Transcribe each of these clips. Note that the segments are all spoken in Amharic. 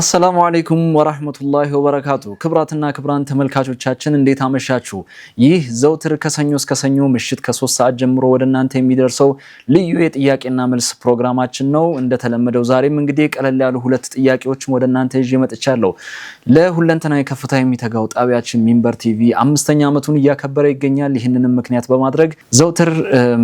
አሰላሙ አለይኩም ወራህመቱላሂ ወበረካቱ። ክብራትና ክብራን ተመልካቾቻችን እንዴት አመሻችሁ? ይህ ዘውትር ከሰኞ እስከ ሰኞ ምሽት ከሶስት ሰዓት ጀምሮ ወደ እናንተ የሚደርሰው ልዩ የጥያቄና መልስ ፕሮግራማችን ነው። እንደተለመደው ዛሬም እንግዲህ ቀለል ያሉ ሁለት ጥያቄዎችን ወደ እናንተ ይዤ መጥቻለሁ። ለሁለንተናዊ ከፍታ የሚተጋው ጣቢያችን ሚንበር ቲቪ አምስተኛ ዓመቱን እያከበረ ይገኛል። ይህንንም ምክንያት በማድረግ ዘውትር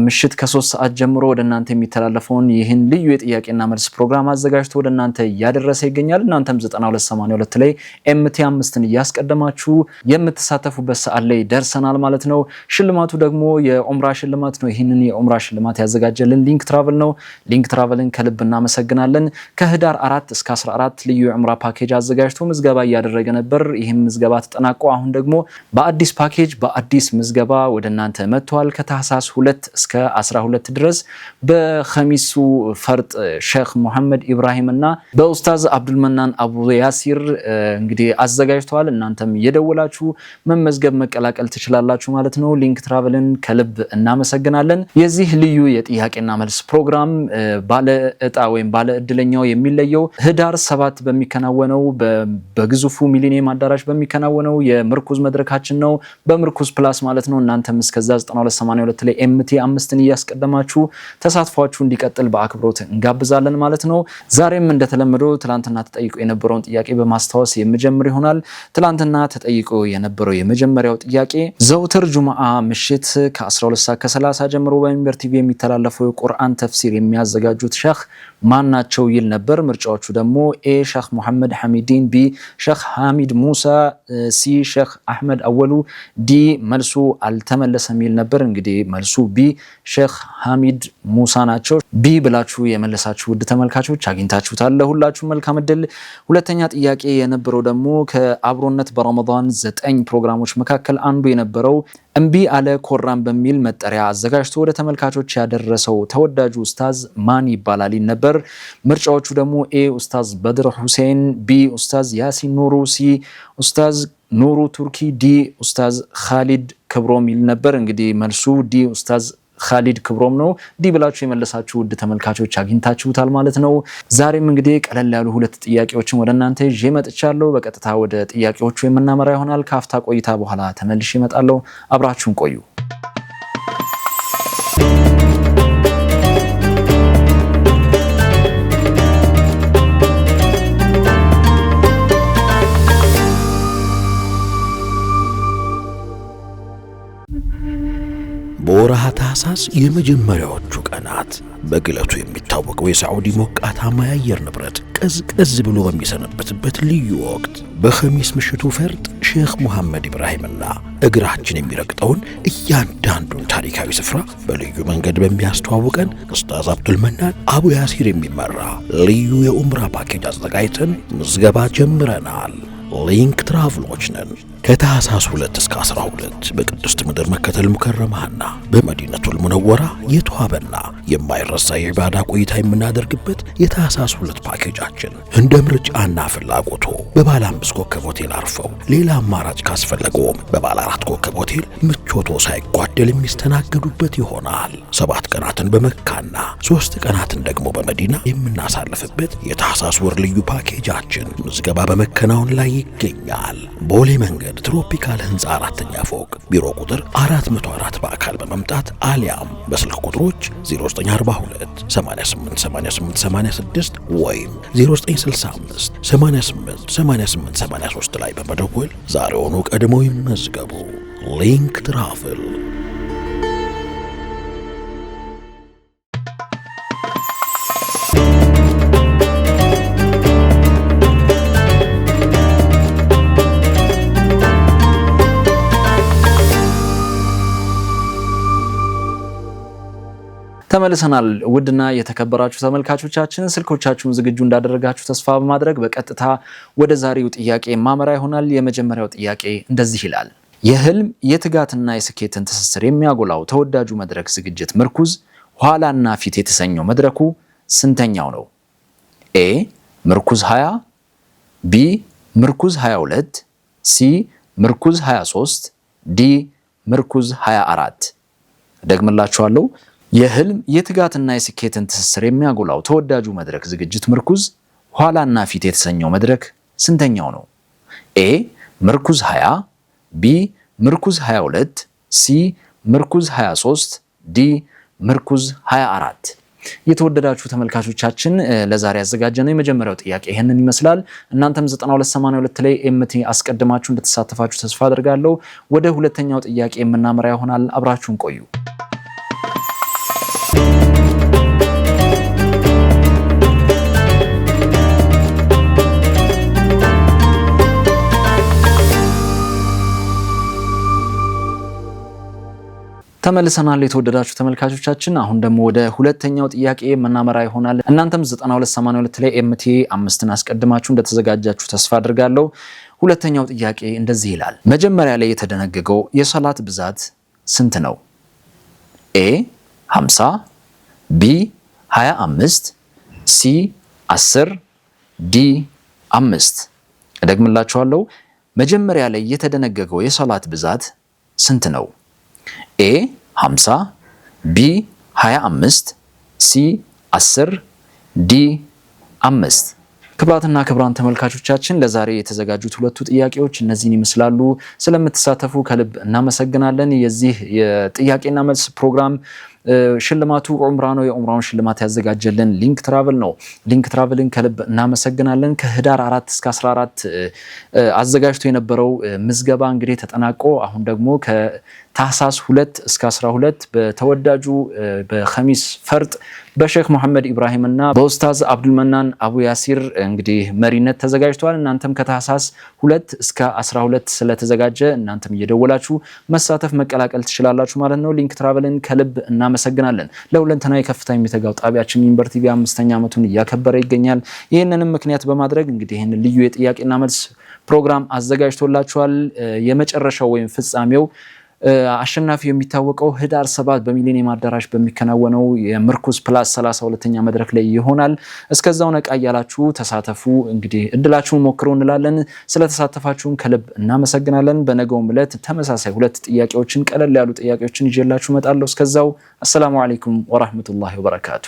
ምሽት ከሶስት ሰዓት ጀምሮ ወደ እናንተ የሚተላለፈውን ይህን ልዩ የጥያቄና መልስ ፕሮግራም አዘጋጅቶ ወደ እናንተ እያደረሰ ይገኛል። እናንተም 9282 ላይ ኤምቲ አምስትን እያስቀደማችሁ የምትሳተፉበት ሰዓት ላይ ደርሰናል ማለት ነው። ሽልማቱ ደግሞ የኦምራ ሽልማት ነው። ይህንን የኦምራ ሽልማት ያዘጋጀልን ሊንክ ትራቨል ነው። ሊንክ ትራቨልን ከልብ እናመሰግናለን። ከህዳር 4 እስከ 14 ልዩ የኦምራ ፓኬጅ አዘጋጅቶ ምዝገባ እያደረገ ነበር። ይህም ምዝገባ ተጠናቆ አሁን ደግሞ በአዲስ ፓኬጅ በአዲስ ምዝገባ ወደ እናንተ መጥተዋል። ከታህሳስ 2 እስከ 12 ድረስ በከሚሱ ፈርጥ ሼክ ሙሐመድ ኢብራሂም እና በኡስታዝ አብዱልመናን ሱልጣን አቡ ያሲር እንግዲህ አዘጋጅተዋል። እናንተም የደወላችሁ መመዝገብ መቀላቀል ትችላላችሁ ማለት ነው። ሊንክ ትራቨልን ከልብ እናመሰግናለን። የዚህ ልዩ የጥያቄና መልስ ፕሮግራም ባለ እጣ ወይም ባለ እድለኛው የሚለየው ህዳር ሰባት በሚከናወነው በግዙፉ ሚሊኒየም አዳራሽ በሚከናወነው የምርኩዝ መድረካችን ነው። በምርኩዝ ፕላስ ማለት ነው። እናንተም እስከዛ 9282 ላይ ኤምቲ አምስትን እያስቀደማችሁ ተሳትፏችሁ እንዲቀጥል በአክብሮት እንጋብዛለን ማለት ነው። ዛሬም እንደተለመደው ትላንትና ተጠይቆ የነበረውን ጥያቄ በማስታወስ የምጀምር ይሆናል። ትላንትና ተጠይቆ የነበረው የመጀመሪያው ጥያቄ ዘውትር ጁምአ ምሽት ከ12 ሰዓት ከ30 ጀምሮ በሚንበር ቲቪ የሚተላለፈው የቁርአን ተፍሲር የሚያዘጋጁት ሸህ ማን ናቸው ይል ነበር። ምርጫዎቹ ደግሞ ኤ ሸክ ሙሐመድ ሐሚዲን፣ ቢ ሸክ ሐሚድ ሙሳ፣ ሲ ሸክ አህመድ አወሉ፣ ዲ መልሱ አልተመለሰም ይል ነበር። እንግዲህ መልሱ ቢ ሸክ ሐሚድ ሙሳ ናቸው። ቢ ብላችሁ የመለሳችሁ ውድ ተመልካቾች አግኝታችሁታል። ሁላችሁ መልካም እድል። ሁለተኛ ጥያቄ የነበረው ደግሞ ከአብሮነት በረመዳን ዘጠኝ ፕሮግራሞች መካከል አንዱ የነበረው እምቢ አለ ኮራም በሚል መጠሪያ አዘጋጅቶ ወደ ተመልካቾች ያደረሰው ተወዳጁ ኡስታዝ ማን ይባላል ነበር። ምርጫዎቹ ደግሞ ኤ ኡስታዝ በድር ሁሴን፣ ቢ ኡስታዝ ያሲን ኑሩ፣ ሲ ኡስታዝ ኑሩ ቱርኪ፣ ዲ ኡስታዝ ካሊድ ክብሮም ይል ነበር። እንግዲህ መልሱ ዲ ኡስታዝ ካሊድ ክብሮም ነው። እንዲህ ብላችሁ የመለሳችሁ ውድ ተመልካቾች አግኝታችሁታል ማለት ነው። ዛሬም እንግዲህ ቀለል ያሉ ሁለት ጥያቄዎችን ወደ እናንተ ይዤ መጥቻለሁ። በቀጥታ ወደ ጥያቄዎቹ የምናመራ ይሆናል። ከአፍታ ቆይታ በኋላ ተመልሼ እመጣለሁ። አብራችሁን ቆዩ። ታህሳስ የመጀመሪያዎቹ ቀናት በግለቱ የሚታወቀው የሳዑዲ ሞቃታማ የአየር ንብረት ቀዝቀዝ ብሎ በሚሰነበትበት ልዩ ወቅት በኸሚስ ምሽቱ ፈርጥ ሼኽ ሙሐመድ ኢብራሂምና እግራችን የሚረግጠውን እያንዳንዱን ታሪካዊ ስፍራ በልዩ መንገድ በሚያስተዋውቀን ኡስታዝ አብዱልመናን አቡ ያሲር የሚመራ ልዩ የኡምራ ፓኬጅ አዘጋጅተን ምዝገባ ጀምረናል። ሊንክ ትራቭሎች ነን። ከታህሳስ 2 እስከ 12 በቅድስት ምድር መከተል ሙከረማና በመዲነቱል ሙነወራ የተዋበና የማይረሳ የባዳ ቆይታ የምናደርግበት የታህሳስ 2 ፓኬጃችን እንደ ምርጫና ፍላጎቶ በባለ አምስት ኮከብ ሆቴል አርፈው ሌላ አማራጭ ካስፈለገውም በባለ አራት ኮከብ ሆቴል ምቾቶ ሳይጓደል የሚስተናገዱበት ይሆናል። ሰባት ቀናትን በመካና ሶስት ቀናትን ደግሞ በመዲና የምናሳልፍበት የታህሳስ ወር ልዩ ፓኬጃችን ምዝገባ በመከናወን ላይ ይገኛል። ቦሌ መንገድ ትሮፒካል ህንፃ አራተኛ ፎቅ ቢሮ ቁጥር 404 በአካል በመምጣት አሊያም በስልክ ቁጥሮች 0942 888886 ወይም 0965 88 8883 ላይ በመደወል ዛሬውኑ ቀድመው ይመዝገቡ። ሊንክ ትራፍል ተመልሰናል። ውድና የተከበራችሁ ተመልካቾቻችን ስልኮቻችሁን ዝግጁ እንዳደረጋችሁ ተስፋ በማድረግ በቀጥታ ወደ ዛሬው ጥያቄ ማመራ ይሆናል። የመጀመሪያው ጥያቄ እንደዚህ ይላል። የህልም የትጋትና የስኬትን ትስስር የሚያጎላው ተወዳጁ መድረክ ዝግጅት ምርኩዝ ኋላና ፊት የተሰኘው መድረኩ ስንተኛው ነው? ኤ ምርኩዝ 20፣ ቢ ምርኩዝ 22፣ ሲ ምርኩዝ 23፣ ዲ ምርኩዝ 24። ደግምላችኋለሁ። የህልም የትጋትና የስኬትን ትስስር የሚያጎላው ተወዳጁ መድረክ ዝግጅት ምርኩዝ ኋላና ፊት የተሰኘው መድረክ ስንተኛው ነው? ኤ ምርኩዝ 20፣ ቢ ምርኩዝ 22፣ ሲ ምርኩዝ 23፣ ዲ ምርኩዝ 24። የተወደዳችሁ ተመልካቾቻችን ለዛሬ ያዘጋጀነው የመጀመሪያው ጥያቄ ይህንን ይመስላል። እናንተም 9282 ላይ ኤምቲ አስቀድማችሁ እንደተሳተፋችሁ ተስፋ አድርጋለሁ። ወደ ሁለተኛው ጥያቄ የምናመራ ይሆናል። አብራችሁን ቆዩ። ተመልሰናል የተወደዳችሁ ተመልካቾቻችን። አሁን ደግሞ ወደ ሁለተኛው ጥያቄ መናመራ ይሆናል። እናንተም 9282 ላይ ኤምቲ አምስትን አስቀድማችሁ እንደተዘጋጃችሁ ተስፋ አድርጋለሁ። ሁለተኛው ጥያቄ እንደዚህ ይላል። መጀመሪያ ላይ የተደነገገው የሰላት ብዛት ስንት ነው? ኤ 50፣ ቢ 25፣ ሲ 10፣ ዲ 5። እደግምላችኋለሁ። መጀመሪያ ላይ የተደነገገው የሰላት ብዛት ስንት ነው? ኤ 50፣ ቢ 25፣ ሲ 10፣ ዲ 5። ክብራትና ክብራን ተመልካቾቻችን ለዛሬ የተዘጋጁት ሁለቱ ጥያቄዎች እነዚህን ይመስላሉ። ስለምትሳተፉ ከልብ እናመሰግናለን። የዚህ የጥያቄና መልስ ፕሮግራም ሽልማቱ ዑምራ ነው። የዑምራውን ሽልማት ያዘጋጀልን ሊንክ ትራቨል ነው። ሊንክ ትራቨልን ከልብ እናመሰግናለን። ከህዳር 4 እስከ 14 አዘጋጅቶ የነበረው ምዝገባ እንግዲህ ተጠናቆ አሁን ደግሞ ከታህሳስ ሁለት እስከ 12 በተወዳጁ በከሚስ ፈርጥ በሼክ መሐመድ ኢብራሂም እና በኡስታዝ አብዱልመናን አቡ ያሲር እንግዲህ መሪነት ተዘጋጅተዋል። እናንተም ከታህሳስ ሁለት እስከ 12 ስለተዘጋጀ እናንተም እየደወላችሁ መሳተፍ መቀላቀል ትችላላችሁ ማለት ነው። ሊንክ ትራቨልን ከልብ እና እናመሰግናለን። ለሁለንተናዊ ከፍታ የሚተጋው ጣቢያችን ሚንበር ቲቪ አምስተኛ ዓመቱን እያከበረ ይገኛል። ይህንንም ምክንያት በማድረግ እንግዲህ ይህን ልዩ የጥያቄና መልስ ፕሮግራም አዘጋጅቶላችኋል። የመጨረሻው ወይም ፍጻሜው አሸናፊ የሚታወቀው ህዳር ሰባት በሚሊኒየም አዳራሽ በሚከናወነው የምርኩዝ ፕላስ 32ኛ መድረክ ላይ ይሆናል። እስከዛው ነቃ እያላችሁ ተሳተፉ። እንግዲህ እድላችሁን ሞክሮ እንላለን። ስለተሳተፋችሁን ከልብ እናመሰግናለን። በነገውም ዕለት ተመሳሳይ ሁለት ጥያቄዎችን ቀለል ያሉ ጥያቄዎችን ይዤላችሁ እመጣለሁ። እስከዛው አሰላሙ አለይኩም ወራህመቱላሂ ወበረካቱ።